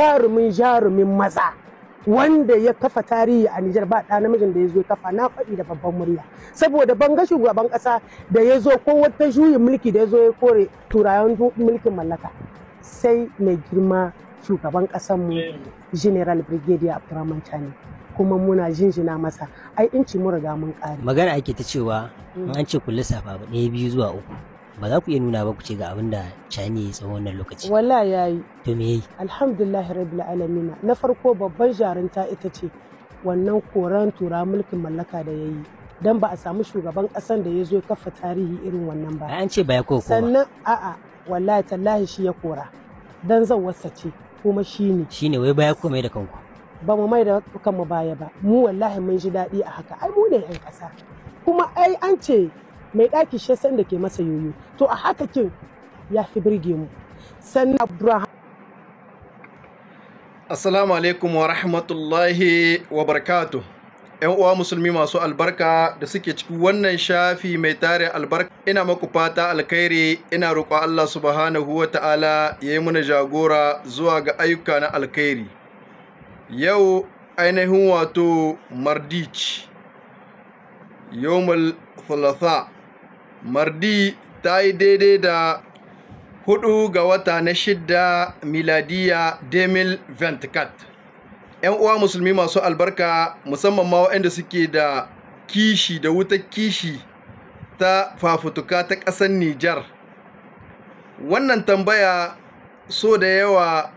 jarumin jarumin maza wanda ya kafa tarihi a Nijar ba ɗa namijin da ya zo kafa na faɗi da babban murya saboda ban ga shugaban ƙasa da ya zo ko wata juyin mulki da ya zo ya kore turayen mulkin mallaka sai mai girma shugaban mu general brigadier abdurrahman chani kuma muna jinjina masa ai inci mu riga mun ƙare magana ake ta cewa an ce ku safa ɗaya biyu zuwa uku ba za ku iya nuna ba ku ce ga abin da Chani ya tsawon wannan lokaci wala ya yi. to me yayi alhamdulillah rabbil alamina. na farko babban jarunta ita ce wannan koran tura mulkin mallaka da ya yi dan ba a samu shugaban kasan da ya zo kafa tarihi irin wannan ba an ce ba ya koko sannan a'a wallahi tallahi shi ya kora dan zan wasace kuma shi ne. shi ne wai baya komai da kanku ba mu mai da kanmu baya ba mu wallahi mun ji daɗi a haka ai mu ne 'yan ƙasa kuma ai an ce mai ɗaki shi san da ke masa yoyo to a haka kin ya fi birge mu sannan abdurrahman assalamu alaikum wa rahmatullahi wa barakatuh yan uwa musulmi masu albarka da suke cikin wannan shafi mai tare albarka ina maku fata alkhairi ina roƙo Allah subhanahu wa ta'ala ya yi mana jagora zuwa ga ayyuka na alkhairi yau ainihin wato mardich yomul thalatha mardi ta yi daidai da hudu ga wata na shidda miladiya demil ventikat yan uwa musulmi masu albarka musamman ma waɗanda suke da kishi da wutar kishi ta fafutuka ta ƙasar nijar wannan tambaya so da yawa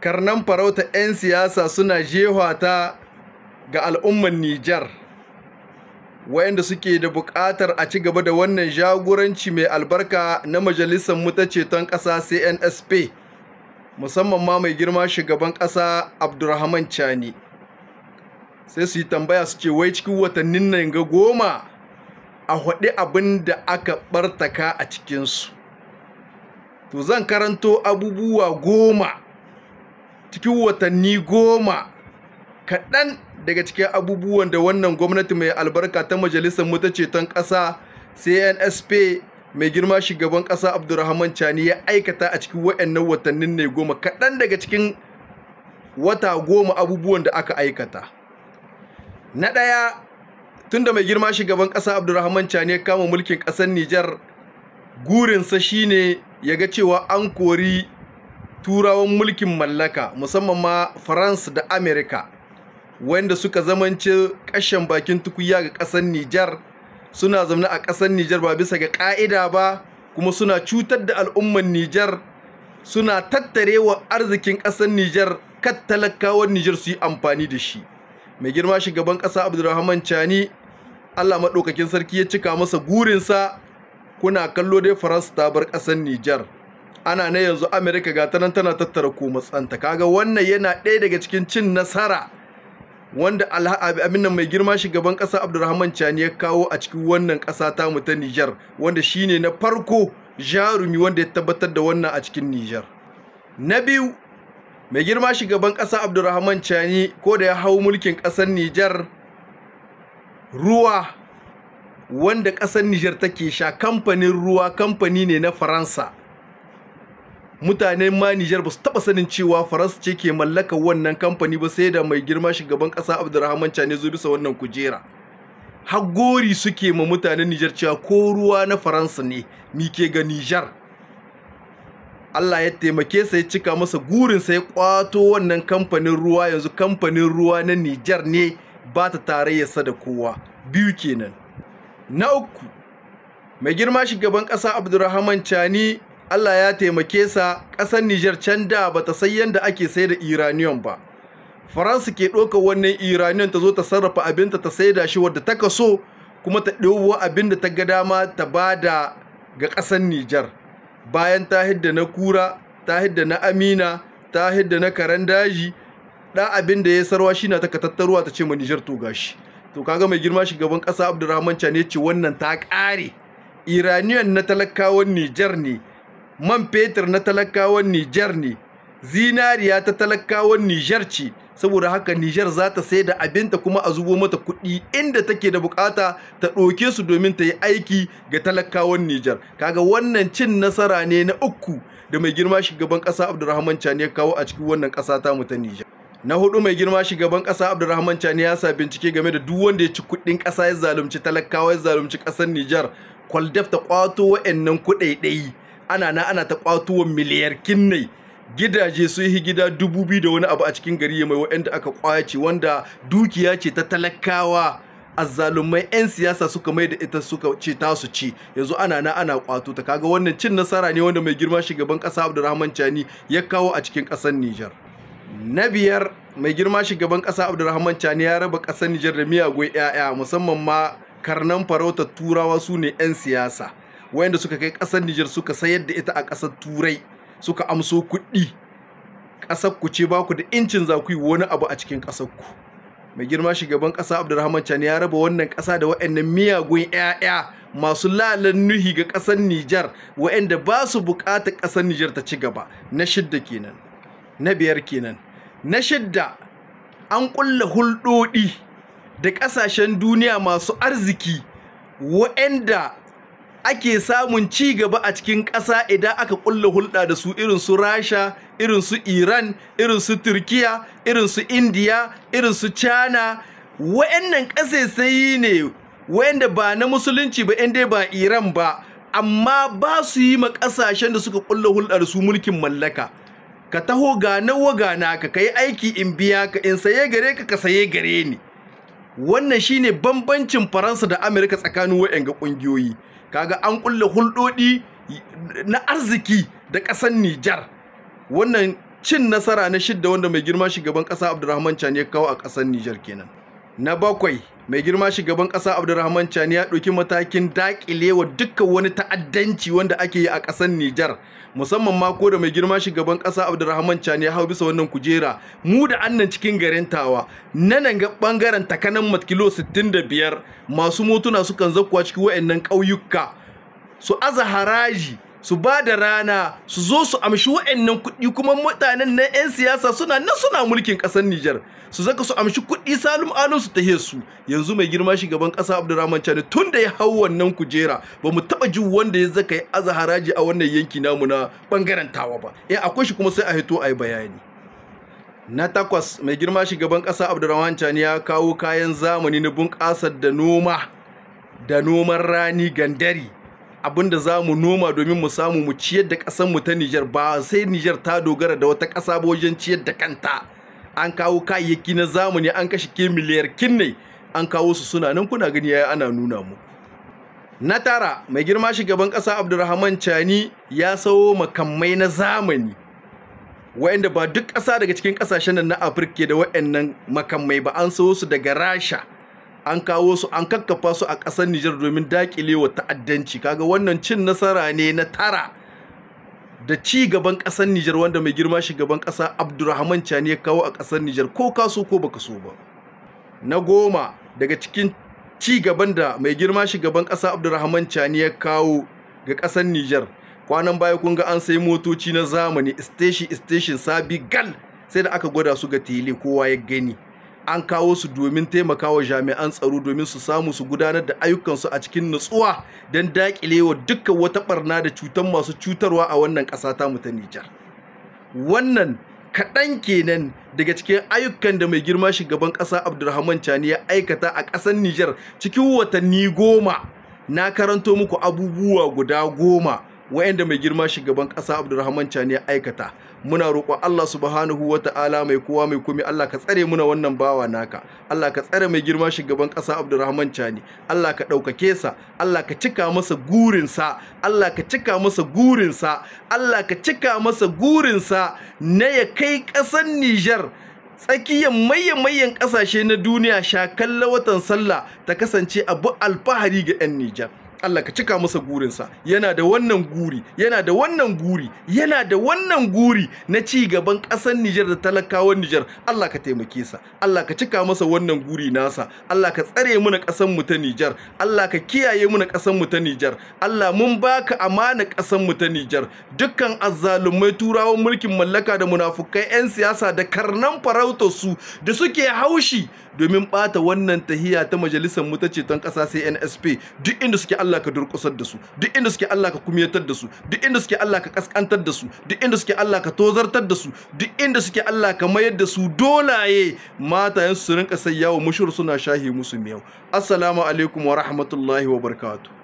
karnan farauta 'yan siyasa suna jehwa ta ga al'ummar nijar wayanda suke da buƙatar a ci gaba da wannan jagoranci mai albarka na majalisar muta ceton ƙasa CNSP musamman ma mai girma shugaban ƙasa Abdurrahman Chani sai su yi tambaya su ce wai cikin watannin nan ga goma a haɗe abin da aka ɓartaka a cikinsu to zan karanto abubuwa goma cikin watanni goma kaɗan daga cikin abubuwan da wannan gwamnati mai albarka ta majalisar mu ta ceton ƙasa cnsp mai girma shugaban ƙasa abdurrahman chani ya aikata a cikin wa'annan watannin ne goma kaɗan daga cikin wata goma abubuwan da aka aikata na ɗaya tun da mai girma shugaban ƙasa abdurrahman cani ya kama mulkin ƙasar nijar gurinsa shine ya ga cewa an kori turawan mulkin mallaka musamman ma france da amerika wanda suka zamance ƙashen bakin tukuya ga ƙasar Nijar suna zaune a ƙasar Nijar ba bisa ga ƙa'ida ba kuma suna cutar da al'umman Nijar suna tattare wa arzikin ƙasar Nijar kat talakawar Nijar su yi amfani da shi mai girma shugaban ƙasa Abdurrahman Chani Allah maɗaukakin sarki ya cika masa gurinsa kuna kallo dai Faransa ta bar ƙasar Nijar ana na yanzu Amerika ga tana tattara ko komatsanta kaga wannan yana ɗaya daga cikin cin nasara wanda abin nan mai girma shugaban ƙasa abdurrahman cani ya kawo a cikin wannan ƙasa ta mu ta nijar wanda shine na farko jarumi wanda ya tabbatar da wannan a cikin nijar na biyu mai girma shugaban ƙasa abdurrahman cani ko da ya hau mulkin ƙasar nijar ruwa wanda ƙasar nijar take sha kamfanin ruwa kamfani ne na faransa mutanen ma Nijar ba su taba sanin cewa Faransa ce ke mallaka wannan kamfani ba sai da mai girma shugaban kasa Abdulrahman Chane zo bisa wannan kujera. Haggori suke ma mutanen Nijar cewa ko ruwa na Faransa ne mi ke ga Nijar. Allah ya taimake sa ya cika masa gurin sa ya kwato wannan kamfanin ruwa yanzu kamfanin ruwa na Nijar ne ba ta tarayyarsa da kowa biyu kenan. Na uku mai girma shugaban ƙasa Abdurrahman Chani Allah ya taimake sa ƙasar Nijar can da bata san yanda ake sai da iraniyan ba Faransa ke ɗauka wannan iraniyan ta zo ta sarrafa abinta ta saida shi wadda ta kaso kuma ta ɗauwa abin da ta ga dama ta ba da ga ƙasar Nijar bayan ta hidda na kura ta hidda na amina ta hidda na karen daji ɗan abin da ya sarwa shi na ta tattaruwa ta ce ma Nijar to gashi to kaga mai girma shugaban ƙasa Abdulrahman Chane ce wannan ta ƙare Iraniyan na talakawan Nijar ne man fetur na talakawan Nijar ne zinariya ta talakawan Nijar ce saboda haka Nijar za ta sai da abinta kuma a zubo mata kuɗi inda take da bukata ta ɗauke su domin ta yi aiki ga talakawan Nijar kaga wannan cin nasara ne na uku da mai girma shugaban ƙasa Abdulrahman Chani ya kawo a cikin wannan ƙasa ta mu ta Nijar na hudu mai girma shugaban ƙasa Abdulrahman Chani ya sa bincike game da duk wanda ya ci kuɗin ƙasa ya zalunci talakawa ya zalunci ƙasar Nijar kwaldaf ta kwato wa'annan kuɗaiɗai ana na ana ta kwatuwan miliyar kinnai gidaje sun yi gida dubu biyu da wani abu a cikin gari mai da aka kwace wanda dukiya ce ta talakawa azzalumai 'yan siyasa suka mai da ita suka ce su ci yanzu ana na ana kwato ta kaga wannan cin nasara ne wanda mai girma shugaban kasa abdurrahman chani ya kawo a cikin kasar nijar na biyar mai girma shugaban kasa abdurrahman chani ya raba kasar nijar da miyagun 'ya'ya musamman ma karnan farautar turawa su ne 'yan siyasa wayanda suka kai ƙasar Nijar suka sayar da ita a ƙasar Turai suka amso kuɗi kasar ku ce ba ku da incin za ku yi wani abu a cikin kasar ku mai girma shugaban ƙasa Abdulrahman Chani ya raba wannan ƙasa da waɗannan miyagun ƴaƴa masu lalan nuhi ga ƙasar Nijar waɗanda ba su buƙatar ƙasar Nijar ta ci gaba na shidda kenan na biyar kenan na shidda an ƙulla hulɗoɗi da ƙasashen duniya masu arziki waɗanda ake samun ci gaba a cikin ƙasa idan aka ƙulla hulɗa da su irin su rasha irin su iran irin su turkiya irin su indiya irin su china wa'annan sai ne wa'anda ba na musulunci ba inda ba iran ba amma ba su yi ma ƙasashen da suka ƙulla hulɗa da su mulkin mallaka ka taho ga nawa ga ka yi aiki in biya ka in saye gare ka ka saye gare ni wannan shine bambancin faransa da amurka tsakanin wa'anga ƙungiyoyi kaga an kulle hulɗoɗi na arziki da ƙasar Nijar wannan cin nasara na shidda wanda mai girma shugaban ƙasa Abdulrahman Chani ya kawo a ƙasar Nijar kenan na bakwai mai girma shugaban ƙasa abdulrahman cani ya ɗauki matakin wa dukkan wani ta'addanci wanda ake yi a ƙasar nijar musamman ma ko da mai girma shugaban ƙasa abdulrahman cani ya hau bisa wannan kujera mu da annan cikin garin tawa na nan ga ɓangaren takanan matkilo 65 masu motuna sukan zakuwa cikin wa'annan ƙauyuka su aza haraji su ba da rana su zo su amshi wa'annan kuɗi kuma mutanen na 'yan siyasa suna nan suna mulkin ƙasar Nijar su zaka su amshi kuɗi salum alum su tahe su yanzu mai girma shugaban ƙasa Abdulrahman Chani tun da ya hau wannan kujera ba mu taɓa jin wanda ya zaka yi aza haraji a wannan yanki namu na ɓangaren tawa ba eh akwai shi kuma sai a hito a yi bayani na takwas mai girma shugaban ƙasa Abdurrahman Chani ya kawo kayan zamani na bunƙasar da noma da noman rani gandari abin da za mu noma domin mu samu mu ciyar da ƙasar mu ta Nijar ba sai Nijar ta dogara da wata ƙasa ba wajen ciyar da kanta an kawo kayayyaki na zamani an kashe ke miliyar kinne an kawo su suna nan kuna gani yayi ana nuna mu na tara mai girma shugaban ƙasa Abdulrahman Chani ya sawo makamai na zamani wa'anda ba duk ƙasa daga cikin ƙasashen nan na Afirka da wa'annan makamai ba an sawo su daga Rasha an kawo su an kakkafa su a ƙasar Nijar domin daƙile wa ta'addanci kaga wannan cin nasara ne na tara da ci gaban ƙasar Nijar wanda mai girma shugaban ƙasa Abdulrahman Chani ya kawo a ƙasar Nijar ko ka so ko baka so ba na goma daga cikin ci gaban da mai girma shugaban ƙasa Abdulrahman Chani ya kawo ga ƙasar Nijar kwanan baya kun ga an sai motoci na zamani station station sabi gal sai da aka gwada su ga tele kowa ya gani an kawo su domin taimakawa jami'an tsaro domin su samu su gudanar da ayyukansu a cikin nutsuwa don dakilewa dukkan wata barna da cutar masu cutarwa a wannan ƙasa ta mu ta Nijar. Wannan kaɗan kenan daga cikin ayyukan da mai girma shugaban ƙasa Abdulrahman Chani ya aikata a ƙasar Nijar cikin watanni goma na karanto muku abubuwa guda goma wa'anda mai girma shugaban ƙasa Abdulrahman Chani ya aikata muna roƙon Allah subhanahu wata'ala mai kowa mai komai Allah ka tsare muna wannan bawa naka Allah ka tsare mai girma shugaban ƙasa Abdulrahman Chani Allah ka ɗaukake sa Allah ka cika masa gurin sa Allah ka cika masa gurin sa Allah ka cika masa gurin sa na ya kai ƙasar Nijar tsakiyar mayan-mayan ƙasashe na duniya shakalla watan sallah ta kasance abu alfahari ga 'yan Nijar. Allah ka cika masa gurinsa yana da wannan guri yana da wannan guri yana da wannan guri na ci gaban ƙasar Nijar da talakawan Nijar Allah ka taimake sa Allah ka cika masa wannan guri nasa Allah ka tsare muna na ƙasar mu ta Nijar Allah ka kiyaye muna kasar ƙasar mu ta Nijar Allah mun baka amana ƙasar mu ta Nijar dukkan azzalumai turawan mulkin mallaka da munafukai 'yan siyasa da karnan farautar su da suke haushi domin bata wannan tahiya ta majalisar mu ta ceton ƙasa sai duk inda suke Allah Allah ka durƙusar da su duk inda suke Allah ka kumiyatar da su duk inda suke Allah ka kaskantar da su duk inda suke Allah ka tozartar da su duk inda suke Allah ka mayar da su dolaye matayen su rinka sayyawa mushur suna shahi musu miyau assalamu alaikum wa rahmatullahi wa barakatuh